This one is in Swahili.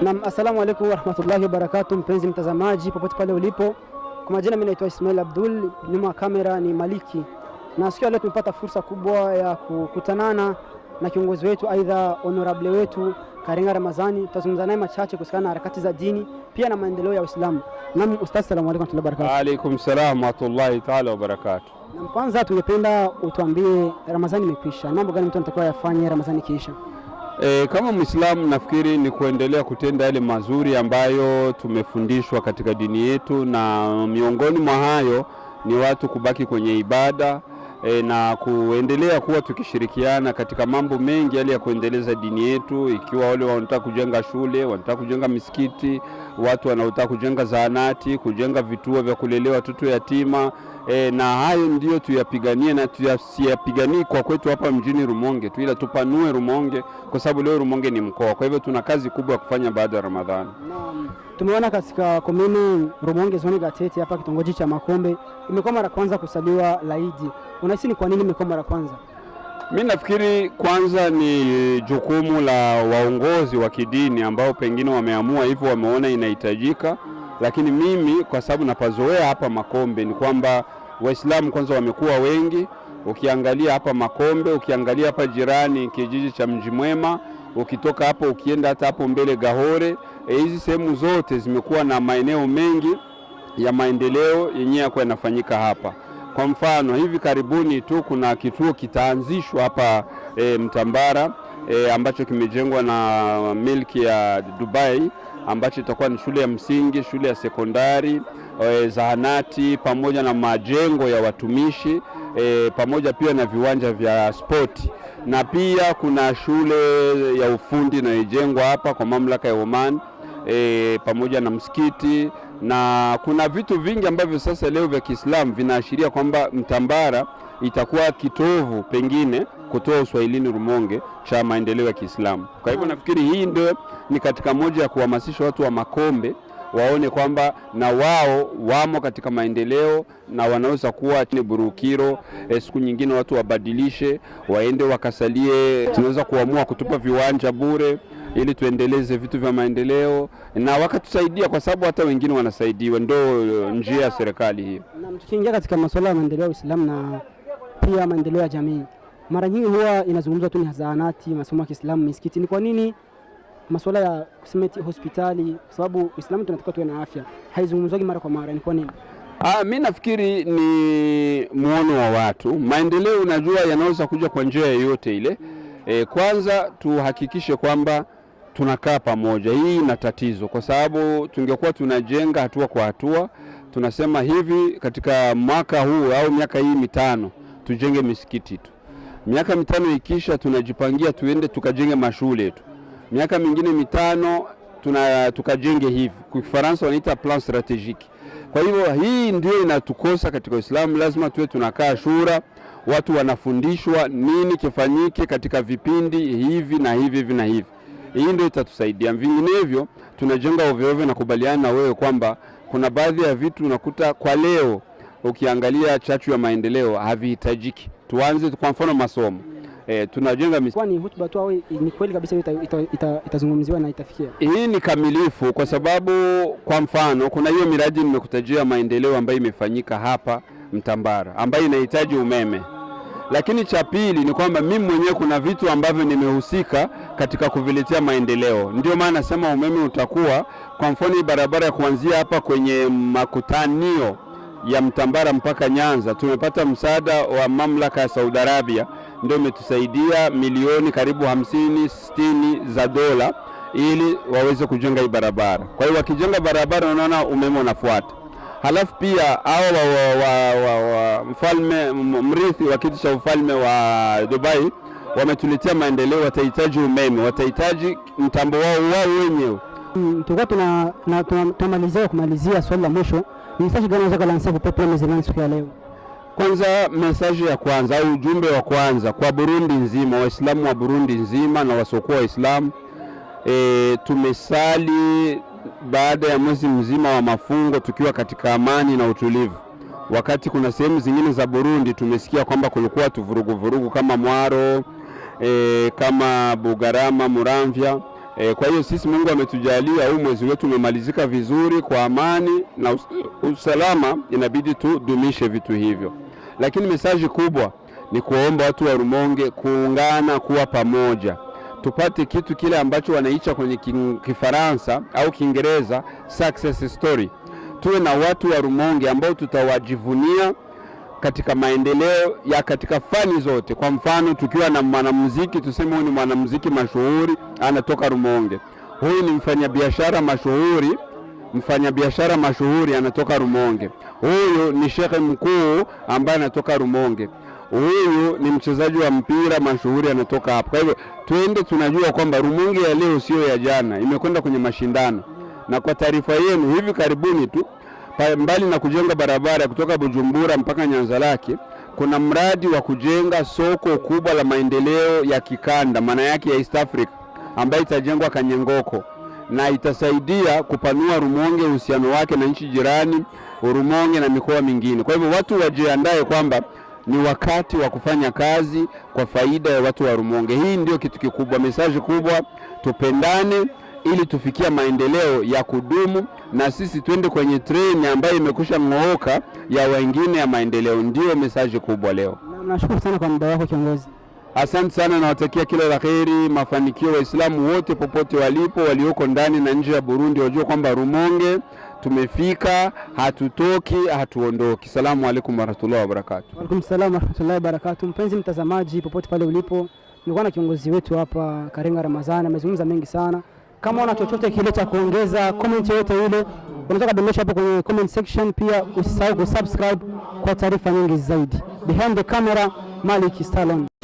Naam, assalamu alaykum wa barakatuh, mpenzi mtazamaji popote pale ulipo. Kwa majina mimi naitwa Ismail Abdul, nyuma ya kamera ni Maliki, na siku leo tumepata fursa kubwa ya kukutanana na kiongozi wetu, aidha honorable wetu Karenga Ramadhani. Tutazungumza naye machache kuhusiana na harakati za dini pia na maendeleo ya Uislamu. Naam, ustaz, salamu alaykum wa barakatuh. Alaykum salaam wa rahmatullahi taala wa barakatuh. Na kwanza tungependa utuambie Ramadhani imekwisha, mambo gani mtu anatakiwa yafanye Ramadhani kisha. E, kama Mwislamu nafikiri ni kuendelea kutenda yale mazuri ambayo tumefundishwa katika dini yetu, na miongoni mwa hayo ni watu kubaki kwenye ibada e, na kuendelea kuwa tukishirikiana katika mambo mengi yale ya kuendeleza dini yetu, ikiwa wale wanataka kujenga shule, wanataka kujenga misikiti watu wanaotaka kujenga zahanati, kujenga vituo vya kulelea watoto yatima e, na hayo ndiyo tuyapiganie, na tuyasiyapiganii kwa kwetu hapa mjini Rumonge tu, ila tupanue Rumonge, kwa sababu leo Rumonge ni mkoa. Kwa hivyo tuna kazi kubwa ya kufanya baada ya Ramadhani. tumeona katika komini Rumonge zoni Gatete hapa kitongoji cha Makombe imekuwa mara kwanza kusaliwa laidi. Unahisi ni kwa nini imekuwa mara kwanza? Mi nafikiri kwanza ni jukumu la waongozi wa kidini ambao pengine wameamua hivyo, wameona inahitajika. Lakini mimi kwa sababu napazoea hapa Makombe ni kwamba Waislamu kwanza wamekuwa wengi. Ukiangalia hapa Makombe, ukiangalia hapa jirani kijiji cha Mji Mwema, ukitoka hapo ukienda hata hapo mbele Gahore, eh, hizi e, sehemu zote zimekuwa na maeneo mengi ya maendeleo yenyewe yako yanafanyika hapa. Kwa mfano hivi karibuni tu kuna kituo kitaanzishwa hapa e, Mtambara e, ambacho kimejengwa na milki ya Dubai ambacho itakuwa ni shule ya msingi, shule ya sekondari, e, zahanati pamoja na majengo ya watumishi e, pamoja pia na viwanja vya spoti, na pia kuna shule ya ufundi inayojengwa hapa kwa mamlaka ya Oman e, pamoja na msikiti na kuna vitu vingi ambavyo sasa leo vya Kiislamu vinaashiria kwamba Mtambara itakuwa kitovu pengine kutoa uswahilini Rumonge cha maendeleo ya Kiislamu. Kwa hivyo nafikiri hii ndio ni katika moja ya kuhamasisha watu wa Makombe waone kwamba na wao wamo katika maendeleo na wanaweza kuwa ni burukiro. E, siku nyingine watu wabadilishe, waende wakasalie, tunaweza kuamua kutupa viwanja bure ili tuendeleze vitu vya maendeleo na wakatusaidia, kwa sababu hata wengine wanasaidiwa, ndo uh, njia ya serikali hiyo. Na tukiingia katika masuala ya maendeleo ya Uislamu na pia maendeleo ya jamii, mara nyingi huwa inazungumzwa tu ni zahanati, masomo ya Kiislamu, misikiti. Ni kwa nini masuala ya kusemeti hospitali? Kwa sababu Uislamu tunataka tuwe na afya, haizungumzwagi mara kwa mara, ni kwa nini? Ah, mi nafikiri ni muono wa watu. Maendeleo unajua yanaweza kuja kwa njia yoyote ile. E, kwanza tuhakikishe kwamba tunakaa pamoja. Hii ina tatizo kwa sababu tungekuwa tunajenga hatua kwa hatua. Tunasema hivi katika mwaka huu au miaka hii mitano tujenge misikiti tu, miaka mitano ikisha, tunajipangia tuende tukajenge mashule tu, miaka mingine mitano tuna tukajenge hivi. Kwa Kifaransa wanaita plan strategique. Kwa hivyo hii ndio inatukosa katika Uislamu. Lazima tuwe tunakaa shura, watu wanafundishwa nini kifanyike katika vipindi hivi na hivi hivi na hivi hii ndio itatusaidia, vinginevyo tunajenga ovyo ovyo. Nakubaliana na wewe kwamba kuna baadhi ya vitu unakuta kwa leo ukiangalia chachu ya maendeleo havihitajiki. Tuanze kwa mfano masomo E, tunajenga mis... kwani hotuba tu ni kweli kabisa ita, ita, itazungumziwa na itafikia. Hii ni kamilifu kwa sababu kwa mfano kuna hiyo miradi nimekutajia maendeleo ambayo imefanyika hapa Mtambara ambayo inahitaji umeme. Lakini cha pili ni kwamba mimi mwenyewe kuna vitu ambavyo nimehusika katika kuviletea maendeleo, ndio maana nasema umeme utakuwa. Kwa mfano hii barabara ya kuanzia hapa kwenye makutanio ya Mtambara mpaka Nyanza tumepata msaada wa mamlaka ya Saudi Arabia, ndio imetusaidia milioni karibu hamsini sitini za dola ili waweze kujenga hii barabara. Kwa hiyo wakijenga barabara, unaona umeme unafuata halafu pia hao wa, wa, wa, wa, mfalme mrithi wa kiti cha ufalme wa Dubai wametuletea maendeleo, watahitaji umeme, watahitaji mtambo wao wao wenyewe. Mm, tulikuwa tunamalizia kumalizia swali la mwisho, ni message gani unaweza kulansia kupitia Mzee siku ya leo? Kwanza, mesaji ya kwanza au ujumbe wa kwanza kwa Burundi nzima, Waislamu wa Burundi nzima na wasiokuwa Waislamu e, tumesali baada ya mwezi mzima wa mafungo tukiwa katika amani na utulivu. Wakati kuna sehemu zingine za Burundi tumesikia kwamba kulikuwa tuvuruguvurugu kama Mwaro e, kama Bugarama, Muramvya e. Kwa hiyo sisi Mungu ametujalia huu mwezi wetu umemalizika vizuri kwa amani na usalama, inabidi tudumishe vitu hivyo, lakini mesaji kubwa ni kuwaomba watu wa Rumonge kuungana, kuwa pamoja tupate kitu kile ambacho wanaicha kwenye Kifaransa au Kiingereza success story. Tuwe na watu wa Rumonge ambao tutawajivunia katika maendeleo ya katika fani zote. Kwa mfano, tukiwa na mwanamuziki tuseme, huyu ni mwanamuziki mashuhuri anatoka Rumonge, huyu ni mfanyabiashara mashuhuri mfanyabiashara mashuhuri anatoka Rumonge, huyu ni shekhe mkuu ambaye anatoka Rumonge huyu ni mchezaji wa mpira mashuhuri anatoka hapa. Kwa hivyo twende, tunajua kwamba Rumungi ya leo siyo ya jana, imekwenda kwenye mashindano. Na kwa taarifa yenu, hivi karibuni tu, mbali na kujenga barabara kutoka Bujumbura mpaka nyanza lake kuna mradi wa kujenga soko kubwa la maendeleo ya kikanda, maana yake ya East Africa, ambayo itajengwa Kanyengoko na itasaidia kupanua Rumonge uhusiano wake na nchi jirani, Rumonge na mikoa mingine. Kwa hivyo watu wajiandae kwamba ni wakati wa kufanya kazi kwa faida ya watu wa Rumonge. Hii ndio kitu kikubwa, mesaji kubwa, tupendane ili tufikia maendeleo ya kudumu, na sisi twende kwenye treni ambayo imekusha ng'ooka ya wengine ya maendeleo. ndio mesaji kubwa leo. Nashukuru sana kwa muda wako kiongozi. Asante sana, nawatakia kila la heri, mafanikio Waislamu wote popote walipo, walioko ndani na nje ya Burundi, wajua kwamba Rumonge tumefika, hatutoki, hatuondoki. Salamu alaikum warahmatullahi wabarakatuh. alaikum warahmatullahi wabarakatuh. Mpenzi mtazamaji, popote pale ulipo, nilikuwa na kiongozi wetu hapa Karenga Ramadhani, amezungumza mengi sana. Kama una chochote kile cha kuongeza, comment yoyote ile unataka dondosha hapo kwenye comment section. Pia usisahau kusubscribe kwa taarifa nyingi zaidi. Behind the camera, Malik Stallon.